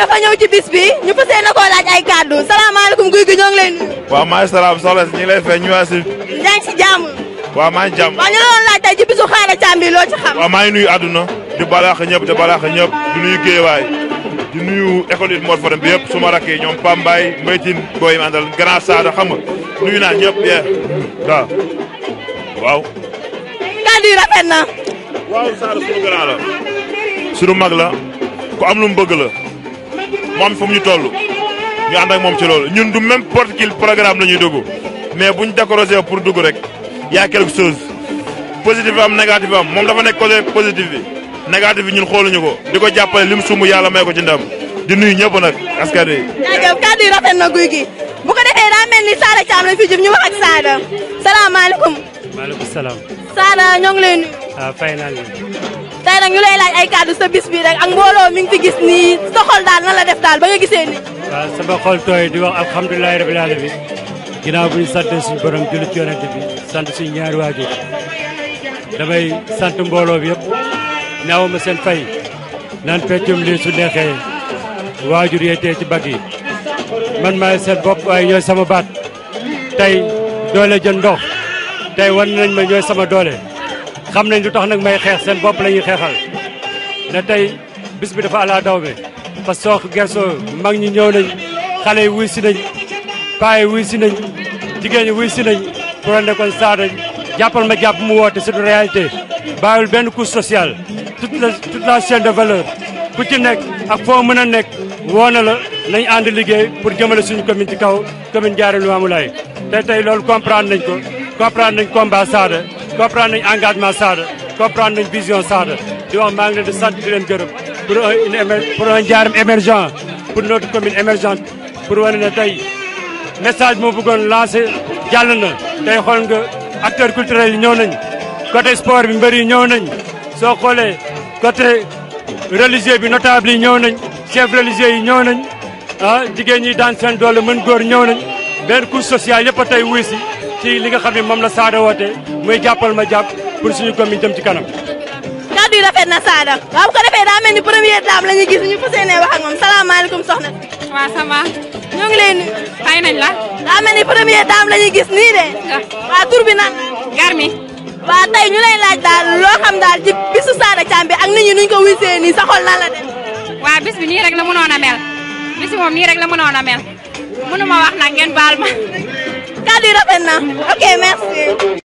dafa ñëw ci bis bi ñu fas yéene koo laaj ay kàddu salaamaaleykum guy gi ñoo ngi lay nuyu. waaw maa ngi salaam si ñu ngi lay fay ñu waa si. yaa ngi si jàmm. waaw maa ngi jàmm. waaw ñu la doon laaj tey ci bisu xaara caam bi loo ci xam. waaw maa ngi nuyu àdduna di balaax ñëpp di balaax ñëpp di nuyu géewaay di nuyu école it Mor Fadam bi yëpp suma rakk yi ñoom Pambaay Mbaytin booy grand saada xam nuyu naa ñëpp yee waaw waaw. kàddu yi rafet na. waaw Saada sunu grand la. sunu mag la ku am lu mu la. moom am fu ñu toll ñu ànd ak moom ci loolu ñun du même porte qu'il programme la ñuy dugg mais buñ décorosé pour dugg rek yaa quelque chose positif am négatif am moom dafa nekk côté positif bi négatif bi ñun xooluñu ko di ko jàppale lim sumb yàlla may ko ci ndam di nuyu ñëpp nag askan wi. jaajëf kàddu yi na guy gi bu ko defee daa mel ni Sada Thiam lañ fi ñu wax ak Sada salaamaaleykum. maaleykum salaam. Sada tey nag ñu lay laaj ay kàddu sa bis bi rek ak mbooloo mi ngi fi gis nii sa xol daal nan la def daal ba nga gisee nii. sama xol tooy di wax alhamdulilah rabbil alamin bu ñu sant suñu borom julli ci bi sant suñu ñaari waajur damay sant mbooloo bi yëpp ñaaw ma seen fay naan feccum lii su neexee waajur yee tee ci bag yi man maay seen bopp waay ñooy sama baat tey doole jën ndox tey wan nañ ma ñooy sama doole. xam nañ lu tax nag may xeex seen bopp la ñuy xeexal ne tey bis bi dafa àlaa daw bi parce que soo mag ñi ñëw nañ xale yi wuy si nañ paa yi wuy si nañ jigéen yi wuy si nañ pour ande kon saadañ jàppal ma jàpp mu woote c'est une réalité bàyyul benn couche sociale toute la toute de valeur ku ci nekk ak foo mën a nekk woo na la nañ ànd liggéey pour jëmale suñu commune ci kaw commune Ndiarème Limamoulaye te tey loolu comprendre nañ ko comprendre nañ ko Saada comprendre nañ engagement Sada comprendre nañ vision Sada di wax maa ngi leen di sant di leen gërëm pour un pour un Ndiarème émergent pour notre commune émergente pour wane ne tey message moo bëggoon lancé jàll na tey xool nga acteurs culturels yi ñëw nañ côté sport bi mbër yi ñëw nañ soo xoolee côté religieux bi notable yi ñëw nañ chef religieux yi ñëw nañ ah jigéen ñi daan seen doole mën góor ñëw nañ benn couche sociale yëpp a tey wuy si ci li nga xam ne moom la Sada woote muy ma jàpp pour suñu commune jëm ci kanam. kàddu yi rafet na Sada. waaw bu ko defee daa mel ni première dame la ñuy gis ñu fas yéenee wax ak moom soxna. waaw ça va. ñoo ngi la. daa mel ni première dame la ñuy gis nii de. Ah. waaw tur bi nan. Garmi. waaw tey ñu lay laaj daal loo xam daal ci bisu Sada Thiam bi ak nit nuñ ko wisee nii sa xol nan la dem. bi nii rek la mënoon a mel. bis bi a wax nag ngeen baal ma. Kadi la fè nan. Ok, mersi.